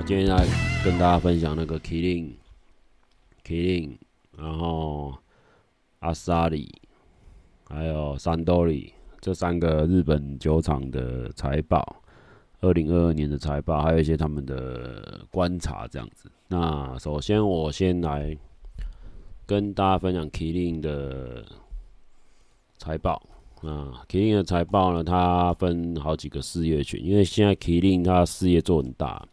我今天來跟大家分享那個麒麟，麒麟然後阿薩里還有三多利這三個日本酒廠的財報，二零二二年的財報，還有一些他們的觀察這樣子。那首先我先來跟大家分享麒麟的財報。那麒麟的財報呢，它分好幾個事業群，因為現在麒麟它的事業做很大。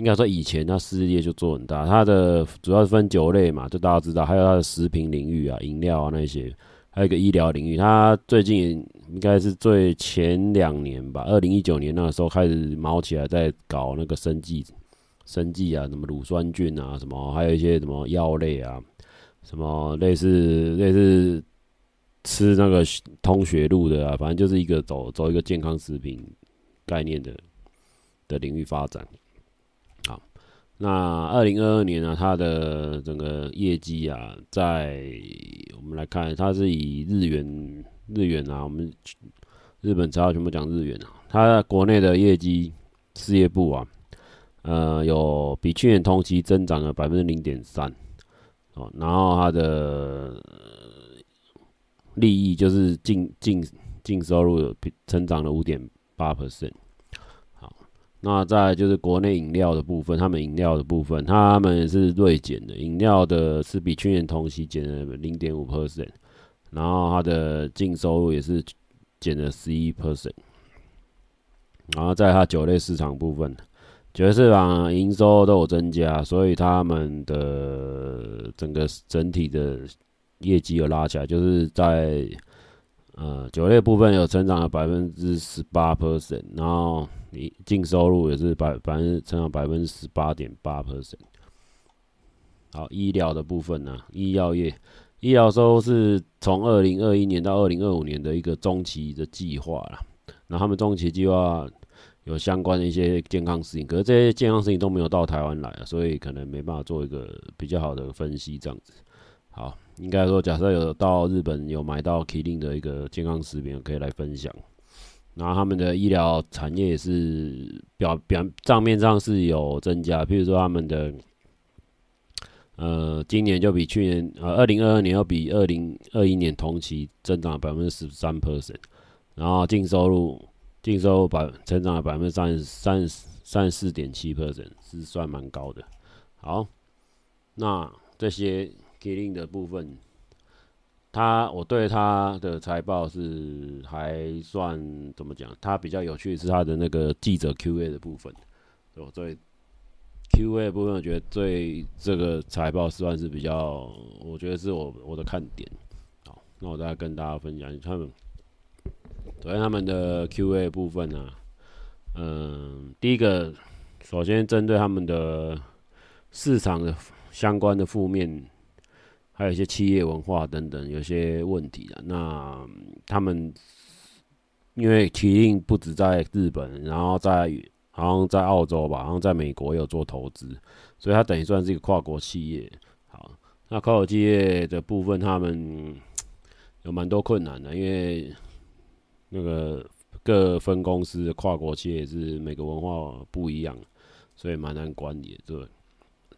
應該說，以前他事業就做很大，他的主要是分酒類嘛，就大家知道，還有他的食品領域啊、飲料啊那些，還有一個醫療領域。他最近應該是最前兩年吧，二零一九年那個時候開始毛起來，在搞那個生技、生技啊，什麼乳酸菌啊，什麼還有一些什麼藥類啊，什麼類似類似吃那個通血路的啊，反正就是一個走走一個健康食品概念的的領域發展。那二零二二年呢、啊，它的整個業績啊，在我們來看，它是以日元，日元啊，我們日本主要全部講日元啊，它國內的業績事業部啊，呃，有比去年同期增長了百分之零點三，哦，然後它的利益就是淨淨淨收入有成長了五點八 percent。那再來就是國內飲料的部分，他們飲料的部分他們是銳減的，飲料的是比去年同期減了零點五 percent，然後它的淨收入也是減了十一 percent，然後在它酒類市場部分，酒類市場營收都有增加，所以他們的整個整體的業績有拉起來，就是在。呃，酒類部分有成長了百分之十八 percent，然後你淨收入也是百百分之成長百分之十八點八 percent。好，醫療的部分呢、啊，醫藥業，醫療收入是從二零二一年到二零二五年的一個中期的計劃啦。然後他們中期計劃有相關的一些健康事情，可是這些健康事情都沒有到台灣來啊，所以可能沒辦法做一個比較好的分析這樣子。好，應該說，假設有到日本有買到 Kirin 的一個健康食品，可以來分享。然後他們的醫療產業也是表表賬面上是有增加，譬如說他們的呃，今年就比去年呃，二零二二年又比二零二一年同期增長了百分之十三 percent，然後淨收入淨收入百增長了百分之三十三三十四點七 percent，是算蠻高的。好，那這些。麒麟的部分，他我對他的財報是還算怎麼講？他比較有趣是他的那個記者 Q&A 的部分，所以我對 Q&A 部分，我覺得對這個財報算是比較，我覺得是我我的看點。好，那我再跟大家分享一下他們，首先他們的 Q&A 部分呢、啊，嗯，第一個，首先針對他們的市場的相關的負面。還有一些企業文化等等，有些問題的、啊。那他們因為麒麟不止在日本，然後在好像在澳洲吧，然後在美國也有做投資，所以他等於算是一個跨國企業。好，那跨國企業的部分，他們有蠻多困難的，因為那個各分公司的跨國企業是每個文化不一樣，所以蠻難管理，對。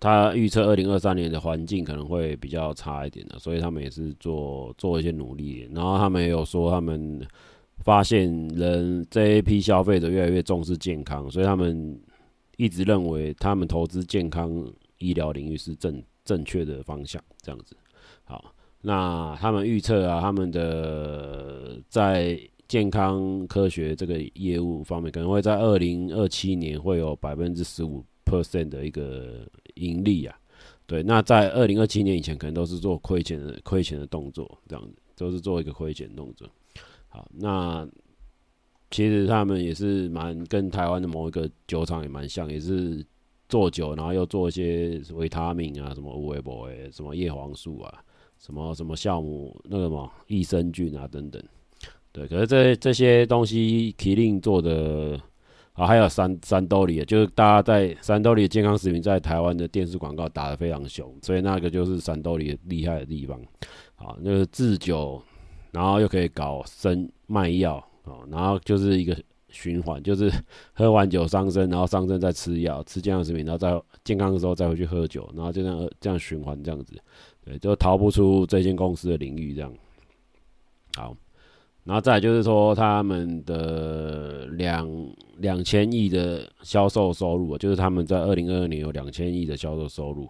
他預測二零二三年的環境可能會比較差一點的，所以他們也是做做一些努力。然後他們也有說，他們發現人這一批消費者越來越重視健康，所以他們一直認為他們投資健康醫療領域是正正確的方向。這樣子，好，那他們預測啊，他們的在健康科學這個業務方面，可能會在二零二七年會有百分之十五 percent 的一個。盈利啊，對，那在二零二七年以前，可能都是做虧錢的虧錢的動作，這樣子都是做一個虧錢的動作。好，那其實他們也是蠻跟台灣的某一個酒廠也蠻像，也是做酒，然後又做一些維他命啊，什麼烏維博誒，什麼葉黃素啊，什麼什麼酵母那個什麼益生菌啊等等，對，可是這這些東西麒麟做的。好，還有三三多利，就是大家在三多利健康食品在台灣的電視廣告打得非常凶，所以那個就是三多利厲害的地方。啊，那個製酒，然後又可以搞生賣藥，啊，然後就是一個循環，就是喝完酒傷身，然後傷身再吃藥，吃健康食品，然後再健康的時候再回去喝酒，然後就這樣這樣循環這樣子，對，就逃不出這間公司的領域這樣。好。然後再來就是說，他們的兩兩千億的銷售收入，啊，就是他們在二零二二年有兩千億的銷售收入。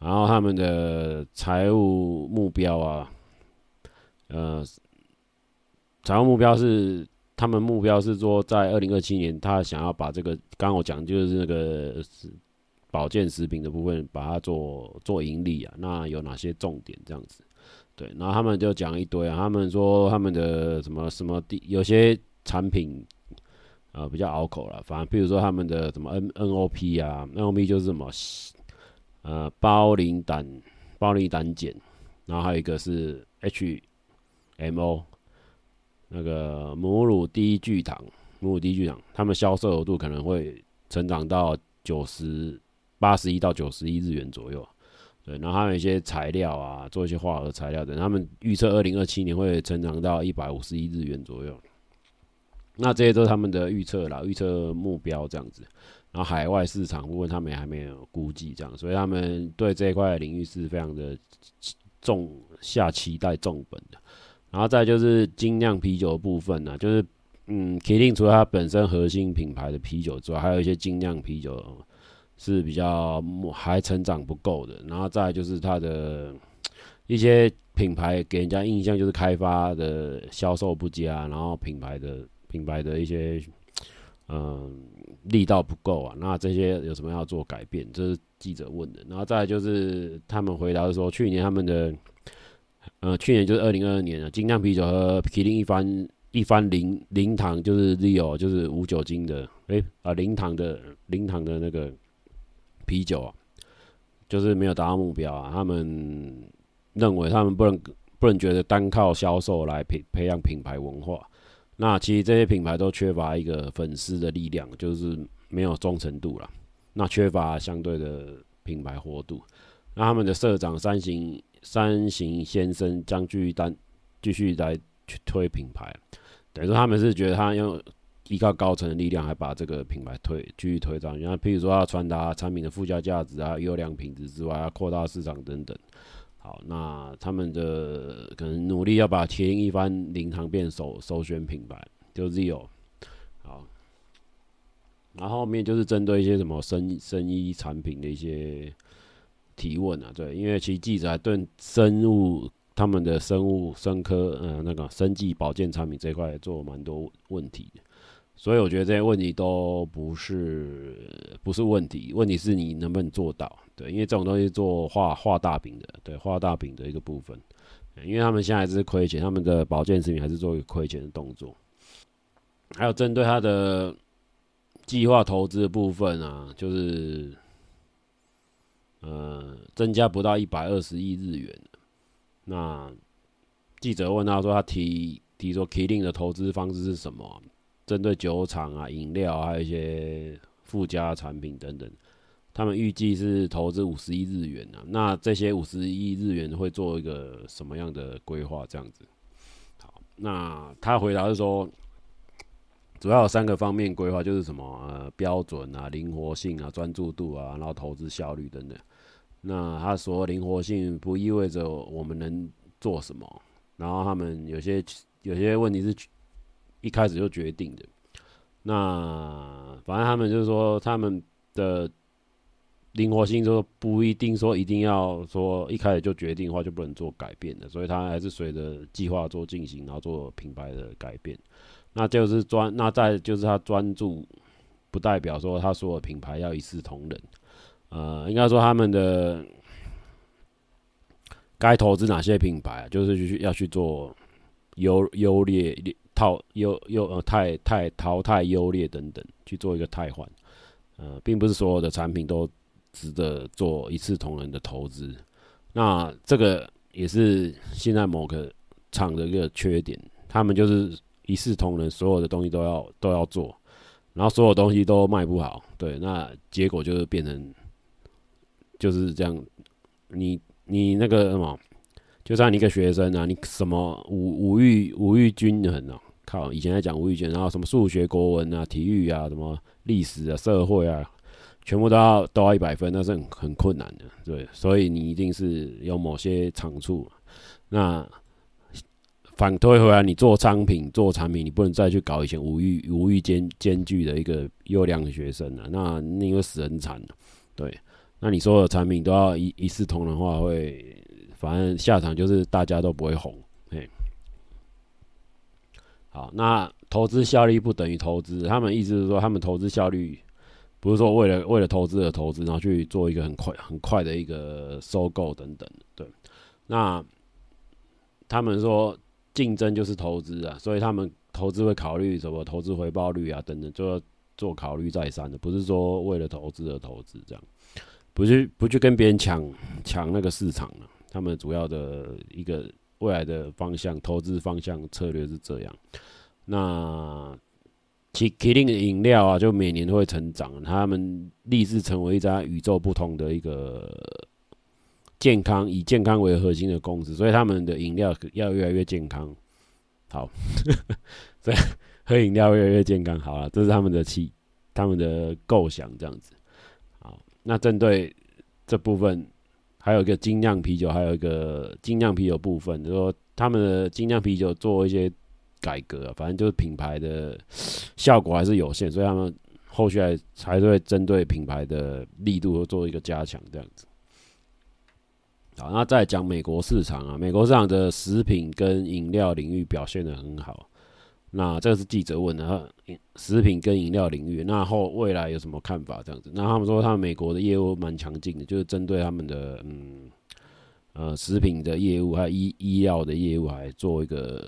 然後他們的財務目標啊，呃，財務目標是他們目標是說，在二零二七年，他想要把這個剛剛我講就是那個保健食品的部分，把它做做盈利啊。那有哪些重點這樣子？對，然後他們就講一堆啊，他們說他們的什麼什麼的，有些產品，呃，比較拗口了，反正比如說他們的什麼 N N O P 啊，N O P 就是什麼，呃，包磷膽包磷膽鹼，然後還有一個是 H M O，那個母乳低聚糖，母乳低聚糖，他們銷售額度可能會成長到九十，八十一到九十一億日元左右。對，然後還有一些材料啊，做一些化合材料等，等，他們預測二零二七年會成長到一百五十億日元左右。那這些都是他們的預測啦，預測目標這樣子。然後海外市場部分，他們也還沒有估計這樣，所以他們對這一塊領域是非常的重下期待重本的。然後再就是精釀啤酒的部分呢、啊，就是嗯 Kirin 除了它本身核心品牌的啤酒之外，還有一些精釀啤酒。是比較還成長不夠的，然後再來就是它的一些品牌給人家印象就是開發的銷售不佳，然後品牌的品牌的一些嗯、呃、力道不夠啊。那這些有什麼要做改變？這是記者問的，然後再來就是他們回答時說，去年他們的嗯、呃、去年就是二零二二年了，精釀啤酒和麒麟一番一番零零糖就是利奧就是無酒精的，哎啊零糖的零糖的那個。啤酒啊，就是沒有達到目標啊。他們認為他們不能不能覺得單靠銷售來培培養品牌文化。那其實這些品牌都缺乏一個粉絲的力量，就是沒有忠誠度了。那缺乏相對的品牌活度。那他們的社長三行三行先生將繼續單，繼續來去推品牌。等於說他們是覺得他用。依靠高層的力量，還把這個品牌推繼續推上去。那譬如說要傳達產品的附加價值啊、優良品質之外，要擴大市場等等。好，那他們的可能努力要把前一番零糖變首首選品牌，就是 Zero。好，然後後面就是針對一些什麼生生醫產品的一些提問啊，對，因為其實記者對生物、他們的生物、生科，嗯、呃，那個生技保健產品這一塊做蠻多問題所以我覺得這些問題都不是不是問題，問題是你能不能做到？對，因為這種東西是做畫畫大餅的，對，畫大餅的一個部分，因為他們現在還是虧錢，他們的保健食品還是做一個虧錢的動作。還有針對他的計劃投資的部分啊，就是呃增加不到一百二十億日元。那記者問他說：“他提提出 Kirin 的投資方式是什麼？”針對酒廠啊、飲料啊，還有一些附加產品等等，他們預計是投資五十億日元啊。那這些五十億日元會做一個什麼樣的規劃？這樣子，好，那他回答是說，主要有三個方面規劃，就是什麼、呃、標準啊、靈活性啊、專注度啊，然後投資效率等等。那他說，靈活性不意味着我們能做什麼。然後他們有些有些問題是。一開始就決定的，那反正他們就是說，他們的靈活性，就說不一定說一定要說一開始就決定的話，就不能做改變的。所以，他還是隨着計劃做進行，然後做品牌的改變。那就是專那再就是他專注，不代表說他所有品牌要一視同仁。呃，應該說他們的該投資哪些品牌、啊，就是去要去做優優劣劣。套優優呃太太淘汰優劣等等去做一個汰換，呃，並不是所有的產品都值得做一視同仁的投資。那這個也是現在某個廠的一個缺點，他們就是一視同仁，所有的東西都要都要做，然後所有東西都賣不好，對，那結果就是變成就是這樣。你你那個什麼，就像你一個學生啊，你什麼五五育五育均衡啊？靠，以前在講五育兼，然後什麼數學、國文啊、體育啊、什麼歷史啊、社會啊，全部都要都要一百分，那是很很困難的，對。所以你一定是有某些長處。那反推回來，你做商品、做產品，你不能再去搞一些五育五育兼兼，兼具的一個優良的學生了，啊，那你會死很慘。對，那你所有的產品都要一一視同仁的話會，會反正下場就是大家都不會紅。好，那投資效率不等於投資。他們意思是說，他們投資效率不是說為了為了投資而投資，然後去做一個很快很快的一個收購等等。對，那他們說競爭就是投資啊，所以他們投資會考慮什麼投資回報率啊等等，就要做考慮再三的，不是說為了投資而投資這樣，不去不去跟別人搶搶那個市場了啊。他們主要的一個。未來的方向、投資方向、策略是這樣。那麒麟的飲料啊，就每年都會成長。他們立志成為一家與眾不同的一個健康，以健康為核心的公司，所以他們的飲料要越來越健康。好，對，喝飲料越來越健康，好了，這是他們的企，他們的構想這樣子。好，那針對這部分。還有一個精釀啤酒，還有一個精釀啤酒部分，就是說他們的精釀啤酒做一些改革啊，反正就是品牌的效果還是有限，所以他們後續還才會針對品牌的力度做一個加強這樣子。好，那再講美國市場啊，美國市場的食品跟飲料領域表現得很好。那這個是記者問的，食品跟飲料領域，那後未來有什麼看法？這樣子，那他們說他們美國的業務蠻強勁的，就是針對他們的嗯呃食品的業務還有醫醫藥的業務，還做一個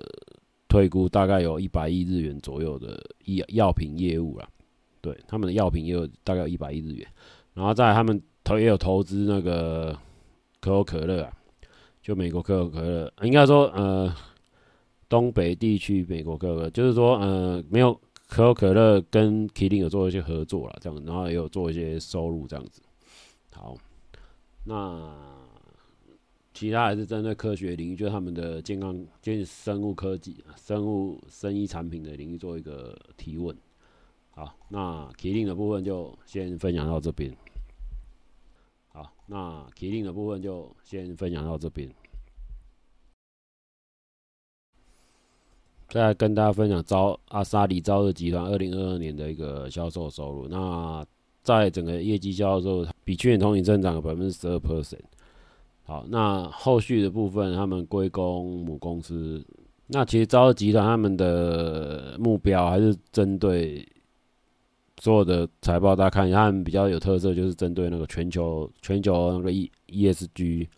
推估，大概有一百億日元左右的醫藥品業務啊。對，他們的藥品也有大概一百億日元，然後在他們投也有投資那個可口可樂啊，就美國可口可樂，應該說呃。東北地區，美國可口可樂就是說，呃，沒有可口可樂跟麒麟有做一些合作了，這樣，然後也有做一些收入這樣子。好，那其他還是針對科學領域，就是他們的健康、就是生物科技、生物、生醫產品的領域做一個提問。好，那麒麟的部分就先分享到這邊。好，那麒麟的部分就先分享到這邊。再來跟大家分享朝阿薩希朝日集團二零二二年的一個銷售收入。那在整個業績銷售，比去年同比增長了百分之十二 percent。好，那後續的部分，他們歸功母公司。那其實朝日集團他們的目標還是針對所有的財報，大家看一下，他們比較有特色就是針對那個全球全球那個 E E S G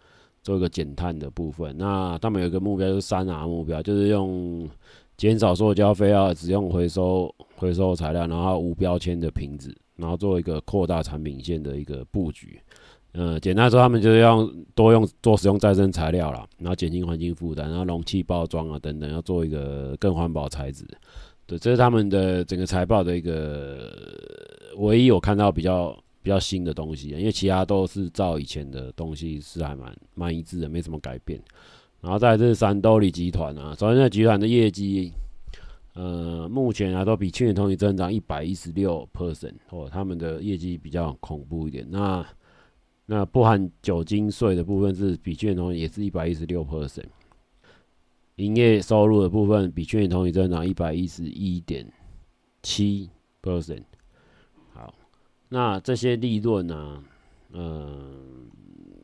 做一個減碳的部分。那他們有一個目標就是三 R 目標，就是用減少塑膠費啊，只用回收回收材料，然後無標籤的瓶子，然後做一個擴大產品線的一個布局。嗯，簡單說，他們就是用多用做使用再生材料了，然後減輕環境負擔，然後容器包裝啊等等，要做一個更環保材質。對，這是他們的整個財報的一個唯一我看到比較比較新的東西，因為其他都是照以前的東西，是還蠻蠻一致的，沒什麼改變。然後再來是三多利集團啊，首先這集團的業績，呃，目前啊都比去年同期增長一百一十六 percent 哦，他們的業績比較恐怖一點。那那不含酒精稅的部分是比去年同期也是一百一十六 percent 營業收入的部分比去年同期增長一百一十一點七 percent。好，那這些利潤呢、啊，嗯、呃。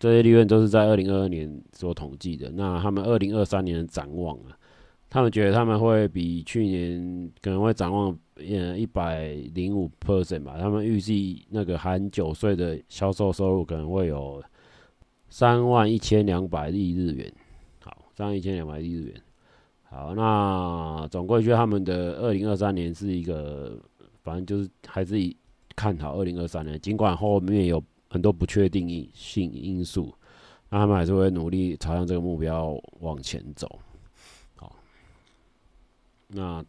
這些利潤都是在二零二二年所統計的。那他們二零二三年展望啊，他們覺得他們會比去年可能會展望呃一百零五 percent 吧。他們預計那個含酒稅的銷售收入可能會有三萬一千兩百億日元。好，三萬一千兩百億日元。好，那總歸覺得他們的二零二三年是一個，反正就是還是以看好二零二三年，儘管後面有。很多不確定性因素，那他們還是會努力朝向這個目標往前走。好，那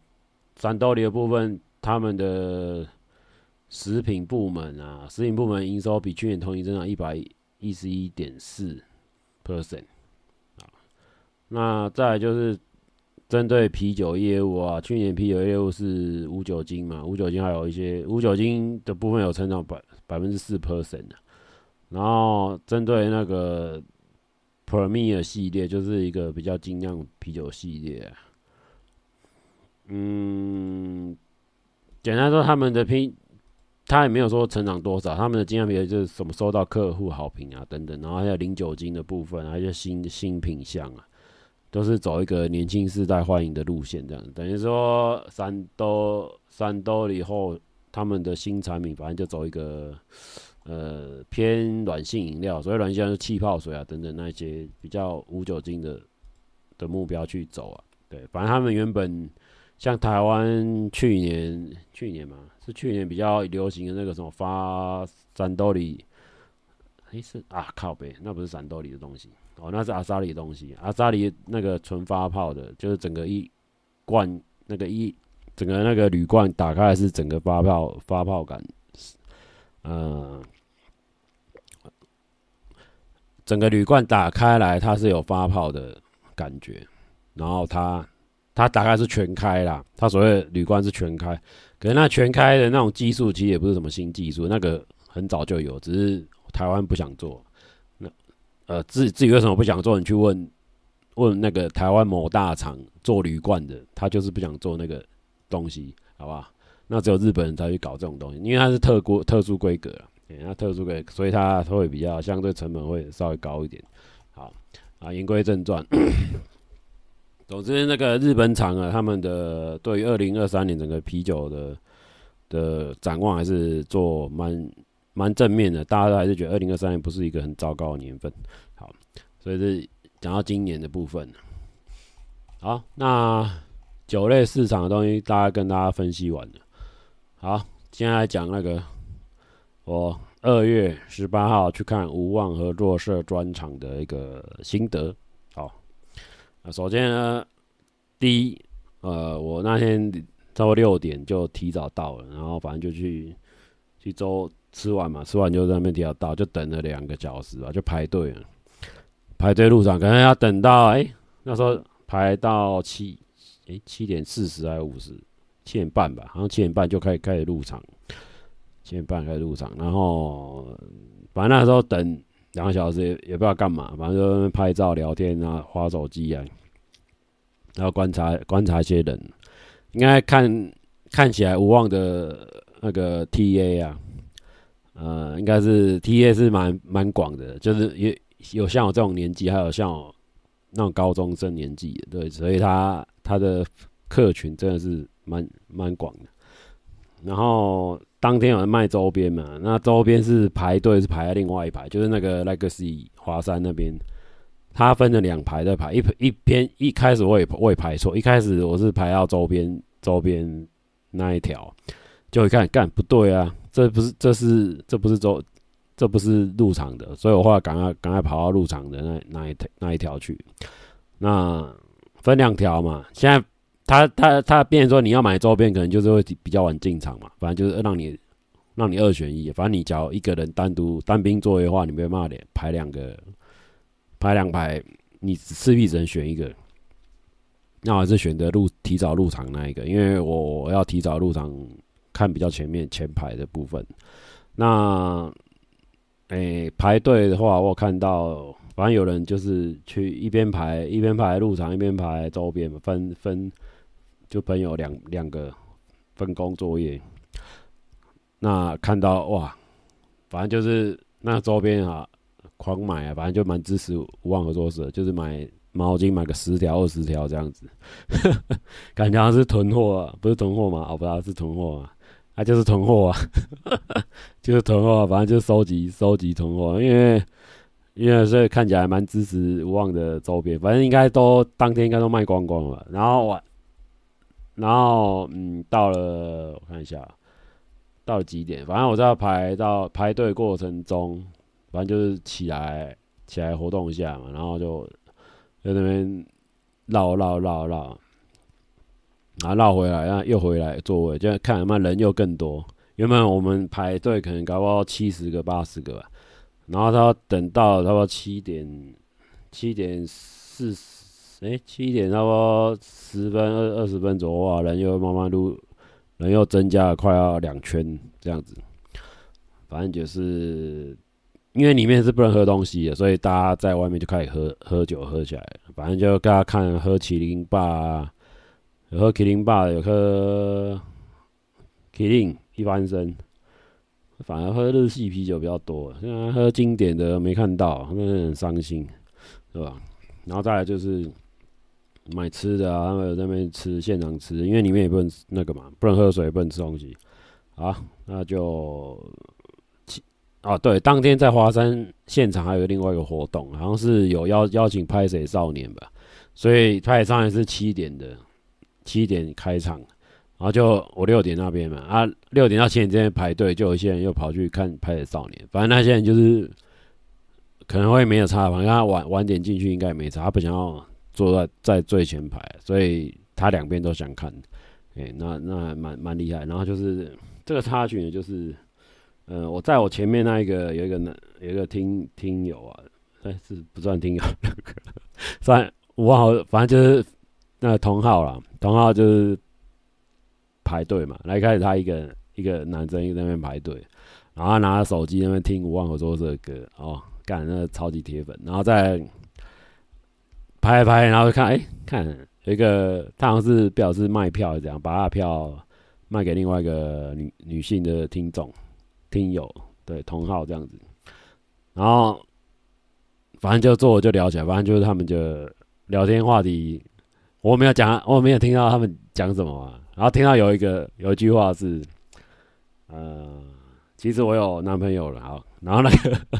三多利的部分，他們的食品部門啊，食品部門營收比去年同期增長一百一十一點四 percent 啊。那再來就是針對啤酒業務啊，去年啤酒業務是無酒精嘛，無酒精還有一些無酒精的部分有成長百百分之四 percent 然後針對那個 Premier 系列，就是一個比較精釀啤酒系列啊。嗯，簡單說，他們的拼，他也沒有說成長多少，他們的精釀啤酒就是什麼收到客戶好評啊、等等，然後還有零酒精的部分，還有一些新新品項啊，都是走一個年輕世代歡迎的路線，這樣等於說三多三多以後，他們的新產品反正就走一個。呃，偏軟性飲料，所以軟性就是氣泡水啊，等等那些比較無酒精的的目標去走啊。對，反正他們原本像台灣去年去年嘛，是去年比較流行的那個什麼發三多利，黑？欸、是啊靠北？那不是三多利的東西哦，那是阿薩里的東西，阿薩里那個純發泡的，就是整個一罐那個一整個那個鋁罐打開來是整個發泡發泡感，嗯、呃。整個鋁罐打開來，它是有發泡的感覺，然後它，它打開是全開啦，它所謂鋁罐是全開，可是那全開的那種技術其實也不是什麼新技術，那個很早就有，只是台灣不想做，那，呃，自己自己為什麼不想做？你去問，問那個台灣某大廠做鋁罐的，他就是不想做那個東西，好不好？那只有日本人才去搞這種東西，因為它是特規特殊規格。那特殊個，所以它會比較相對成本會稍微高一點好。好，啊，言歸正傳。總之，那個日本廠啊，他們的對於二零二三年整個啤酒的的展望還是做蠻蠻正面的，大家還是覺得二零二三年不是一個很糟糕的年份。好，所以是講到今年的部分。好，那酒類市場的東西，大家跟大家分析完了。好，接下來講那個我。二月十八號去看無妄合作社專場的一個心得。好、啊，那首先呢，第一，呃，我那天差不多六點就提早到了，然後反正就去去周吃完嘛，吃完就在那邊提早到，就等了兩個小時啊，就排隊了。排隊入場，可能要等到哎、欸，那時候排到七哎、欸、七點四十還是五十七點半吧，好像七點半就開始開始入場。先辦個入場，然後反正那時候等兩個小時也也不知道幹嘛，反正就拍照、聊天啊、划手機啊，然後觀察觀察一些人，應該看看起來無妄的那個 T A 啊，呃，應該是 T A 是蠻蠻廣的，就是也有像我這種年紀，還有像我那種高中生年紀，對，所以他他的客群真的是蠻蠻廣的，然後。當天有人賣周邊嘛？那周邊是排隊是排在另外一排，就是那個 Legacy 華山那邊，它分了兩排在排一一邊。一開始我也我也排錯，一開始我是排到周邊周邊那一條，就一看，幹，不對啊，這不是這是這不是周這不是入場的，所以我後來趕快趕快跑到入場的那那一那一條去。那分兩條嘛，現在。他他他，變成說你要買周邊，可能就是會比較晚進場嘛。反正就是讓你讓你二選一，反正你只要一個人單獨單兵作業的話，你沒辦法連排兩個排兩排，你勢必只能選一個。那我還是選擇入提早入場那一個，因為我要提早入場看比較前面前排的部分。那誒、欸、排隊的話，我有看到反正有人就是去一邊排一邊排入場一邊排周邊嘛，分分。就朋友兩兩個分工作業，那看到哇，反正就是那周邊啊，狂買啊，反正就蠻支持無妄合作社，就是買毛巾買個十條二十條這樣子，呵呵感覺好像是囤貨，啊，不是囤貨嘛？哦不，是囤貨啊，他就是囤貨啊，就是囤貨，啊就是啊，反正就是收集收集囤貨，因為因為所以看起來蠻支持無妄的周邊，反正應該都當天應該都賣光光了，然後我。然後，嗯，到了，我看一下，到了幾點？反正我在排到排隊過程中，反正就是起來，起來活動一下嘛，然後就在那邊繞，繞繞繞繞，然後繞回來，然後又回來座位，就看他們人又更多。原本我們排隊可能搞不好七十個、八十個吧，然後他等到差不多七點，七點四十。哎，七、欸、點差不多十分二二十分左右，啊，人又慢慢擼，人又增加了，快要兩圈這樣子。反正就是因為裡面是不能喝東西的，所以大家在外面就開始喝喝酒喝起來了。反正就大家看喝麒麟霸、啊，有喝麒麟霸，有喝麒麟一番生，反而喝日系啤酒比較多、啊。現在喝經典的沒看到、啊，很傷心，是吧、啊？然後再來就是。買吃的啊，他們有在那邊吃，現場吃，因為裡面也不能那個嘛，不能喝水，不能吃東西。好，那就七啊，對，當天在華山現場還有另外一個活動，好像是有邀邀請拍謝少年吧，所以拍謝少年是七點的，七點開場，然後就我六點那邊嘛，啊，六點到七點之間排隊，就有些人又跑去看拍謝少年，反正那些人就是可能會沒有差吧，因為他晚晚點進去應該也沒差，他不想要坐在在最前排，所以他兩邊都想看，誒，那那蠻蠻厲害。然後就是這個插曲，就是，呃，我在我前面那一個有一個男有一個聽聽友啊、欸，但是不算聽友， 算五號，反正就是那同號了。同號就是排隊嘛。來開始他一個一個男生一個在那邊排隊，然後他拿着手機那邊聽無妄合作社的歌哦，幹，那個超級鐵粉。然後在拍一拍，然後就看，哎、欸，看有一個，他好像是表示賣票這樣，把他的票賣給另外一個女女性的聽眾、聽友，對同號這樣子。然後反正就坐就聊起來，反正就是他們就聊天話題，我沒有講，我沒有聽到他們講什麼、啊。然後聽到有一個有一句話是，呃，其實我有男朋友了。好，然後那個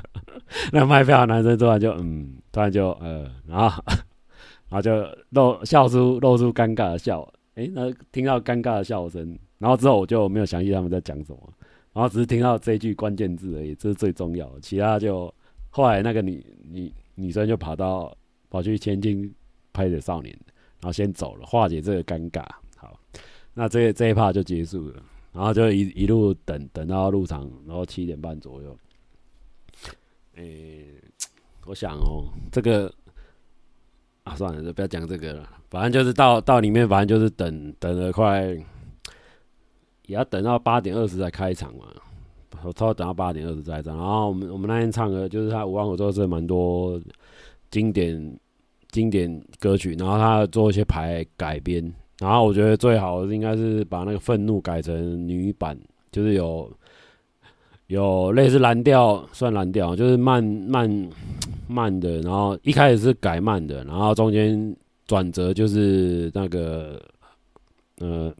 那個賣票的男生突然就嗯，突然就呃，然後。 然後就露笑出，露出尷尬的笑。哎，那聽到尷尬的笑聲，然後之後我就沒有詳細他們在講什麼，然後只是聽到這一句關鍵字而已，這是最重要的。其他就後來那個女女女生就跑到跑去千金拍的少年，然後先走了，化解這個尷尬。好，那這個、這一趴就結束了，然後就一一路等等到入場，然後七點半左右。誒，我想哦，這個。啊，算了，就不要講這個了。反正就是到到裡面，反正就是等等了快，也要等到八點二十才開場嘛。我差不多等到八點二十才唱。然後我們我們那天唱歌，就是他無妄合作社是蠻多經典經典歌曲，然後他做一些牌改編。然後我覺得最好的應該是把那個憤怒改成女版，就是有。有類似藍調，算藍調，就是慢慢慢的，然後一開始是改慢的，然後中間轉折就是那個，嗯，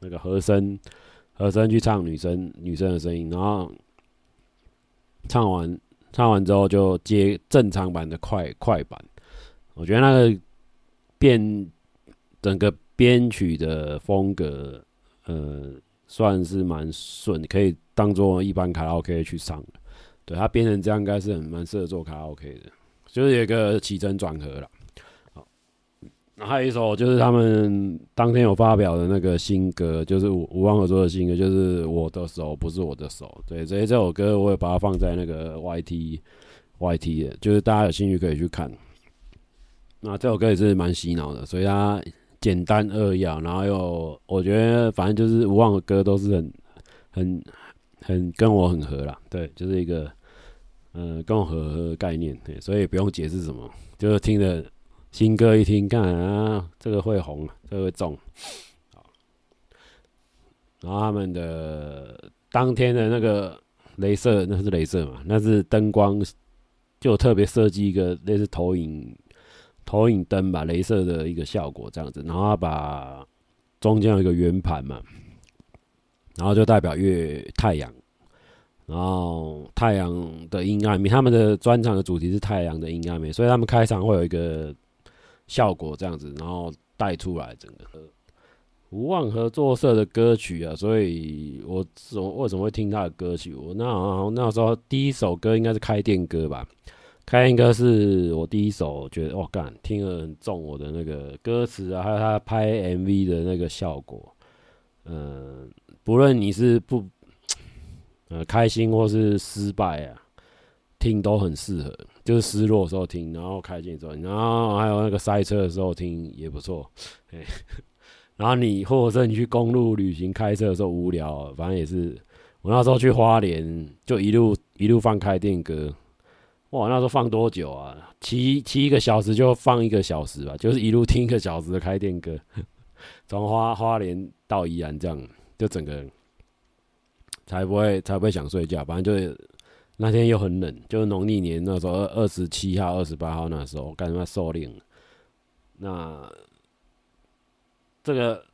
那個和聲，和聲去唱女生女生的聲音，然後唱完唱完之後就接正常版的快快版。我覺得那個變整個編曲的風格，呃。算是蠻順，可以當做一般卡拉 OK 去唱的。對，他編成這樣，應該是蠻適合做卡拉 OK 的，就是有個起承轉合了。好，那還有一首就是他們當天有發表的那個新歌，就是無妄合作社的新歌，就是我的手不是我的手。對，所以這首歌我也把它放在那個 YT YT 的，就是大家有興趣可以去看。那這首歌也是蠻洗腦的，所以它，簡單扼要，然後又我覺得反正就是無妄的歌都是很、很、很跟我很合啦，對，就是一個嗯跟我合，合的概念，對，所以不用解釋什麼，就是聽着新歌一聽看，看啊這個會紅啊，這個會中、這個，然後他們的當天的那個雷射，那是雷射嘛，那是燈光，就特別設計一個類似投影。投影燈吧，鐳射的一個效果這樣子，然後把中間有一個圓盤嘛，然後就代表月太陽，然後太陽的陰暗面。他們的專場的主題是太陽的陰暗面，所以他們開場會有一個效果這樣子，然後帶出來整個無妄合作社的歌曲啊。所以我怎麼為什麼會聽他的歌曲？我那那時候第一首歌應該是開店歌吧。開心歌是我第一首覺得哇幹、哦，聽了很中我的那個歌詞啊，還有他拍 MV 的那個效果。嗯，不論你是不呃開心或是失敗啊，聽都很適合。就是失落的時候聽，然後開心的時候，然後還有那個塞車的時候聽也不錯。欸、 然後你或者是你去公路旅行開車的時候無聊、啊，反正也是我那時候去花蓮，就一路一路放開電歌。哇，那時候放多久啊？騎騎個小時就放一個小時吧，就是一路聽一個小時的開店歌，從 花花蓮到宜蘭，這樣就整個才不會才不會想睡覺。反正就是那天又很冷，就是農曆年那時候二十七號、二十八號那時候，我幹什麼受練。那這個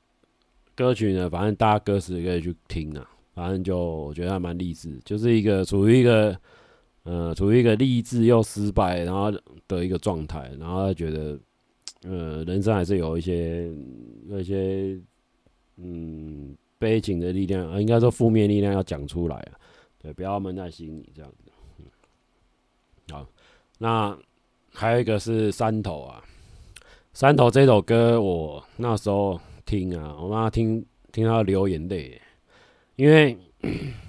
歌曲呢，反正大家歌詞可以去聽啊。反正就我覺得還蠻勵志，就是一個處於一個。呃，處於一個勵志又失敗，然後的一個狀態，然後覺得，呃，人生還是有一些那些，嗯，悲情的力量啊、呃，應該說負面力量要講出來啊，對，不要悶在心裡這樣子。嗯、好，那還有一個是山、啊《山頭》啊，《山頭》這首歌我那時候聽啊，我媽聽聽到流眼淚，因為。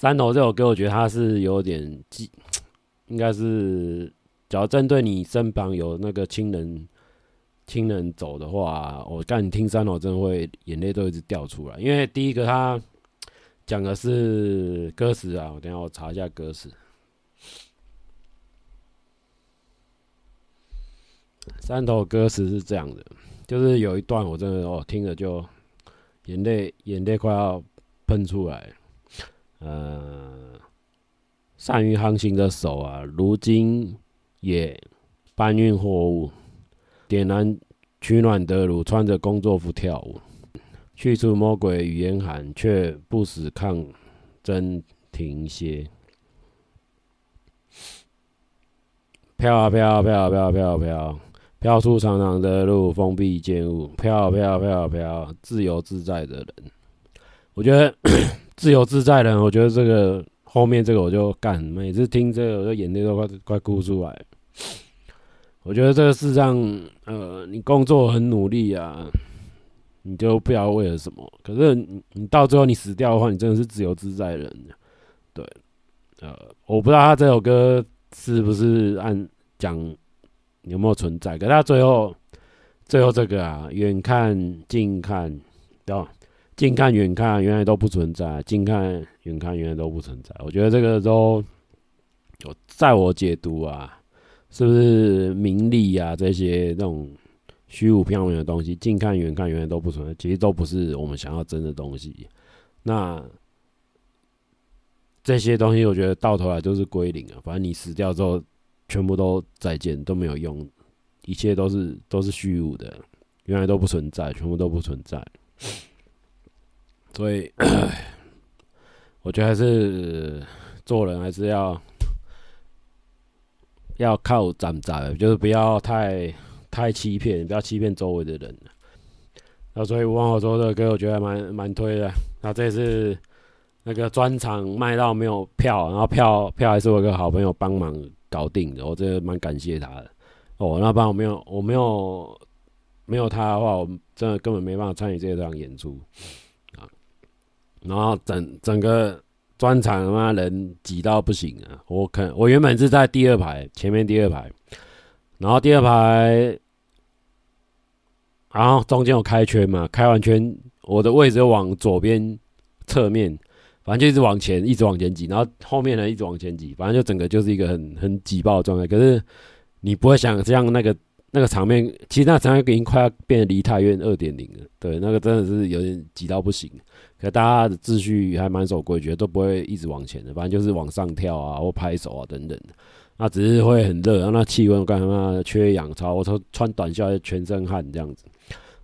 三頭這首歌，我覺得它是有點，應該是，只要針對你身旁有那個親人，親人走的話，我告訴你聽三頭真的會眼淚都一直掉出來。因為第一個他講的是歌詞啊，我等一下我查一下歌詞。三頭歌詞是這樣的，就是有一段我真的哦聽着就眼淚眼淚快要噴出來。呃，善於航行的手啊，如今也搬運貨物，點燃取暖的爐，穿着工作服跳舞，去除魔鬼與嚴寒，卻不死抗爭停歇。飄啊飄、啊啊啊啊，飄啊飄，飄啊飄，飄出長長的路，封閉建築物，飄啊飄，飄啊飄、啊，自由自在的人，我覺得。 自由自在人，我覺得這個後面這個我就幹，每次聽這個我就眼淚都快快哭出來。我覺得這個世上，呃，你工作很努力啊，你就不知道為了什麼。可是你，你到最後你死掉的話，你真的是自由自在人。對，呃，我不知道他這首歌是不是按講有沒有存在，可是他最後最後這個啊，遠看近看，對吧？近看遠看，原來都不存在。近看遠看，原來都不存在。我覺得這個都，就在我解讀啊，是不是名利啊這些那種虛無縹緲的東西？近看遠看，原來都不存在。其實都不是我們想要爭的東西。那這些東西，我覺得到頭來都是歸零啊。反正你死掉之後，全部都再見，都沒有用，一切都是都是虛無的。原來都不存在，全部都不存在。所以， 我覺得還是做人還是要要靠長扎的，就是不要太太欺騙，不要欺騙周圍的人。那、啊、所以無妄說這個的歌，我覺得蠻蠻推的、啊。那、啊、這次那個專場賣到沒有票，然後票票還是我一個好朋友幫忙搞定的，我真的蠻感謝他的。哦，那不然我沒有我沒有沒有他的話，我真的根本沒辦法參與這場演出。然後整整個專場他、啊、媽人擠到不行啊！我看我原本是在第二排，前面第二排，然後第二排，然後中間有開圈嘛？開完圈，我的位置往左邊側面，反正就一直往前，一直往前擠。然後後面人一直往前擠，反正就整個就是一個很很擠爆的狀態。可是你不會想這樣那個那個場面，其實那場面已經快要變得梨泰院二點零了。對，那個真的是有點擠到不行。可大家的秩序還蠻守規矩的，都不會一直往前的，反正就是往上跳啊，或拍手啊等等的，那只是會很熱，然後那氣溫我感覺缺氧超，我穿穿短袖還全身汗這樣子，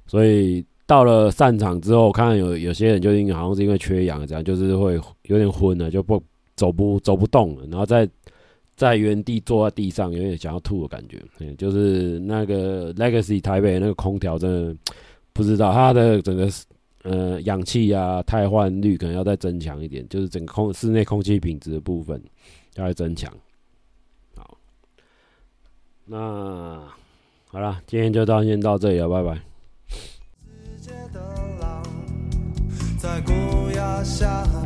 所以到了散場之後，我看有有些人就因好像是因為缺氧，這樣就是會有點昏了，就不走不走不動了，然後在在原地坐在地上，有點想要吐的感覺，嗯，就是那個 Legacy 台北那個空調真的不知道它的整個。呃，氧氣啊，汰換率可能要再增強一點，就是整個空室內空氣品質的部分，要再增強。好，那好啦，今天就先到，到這裡了，拜拜。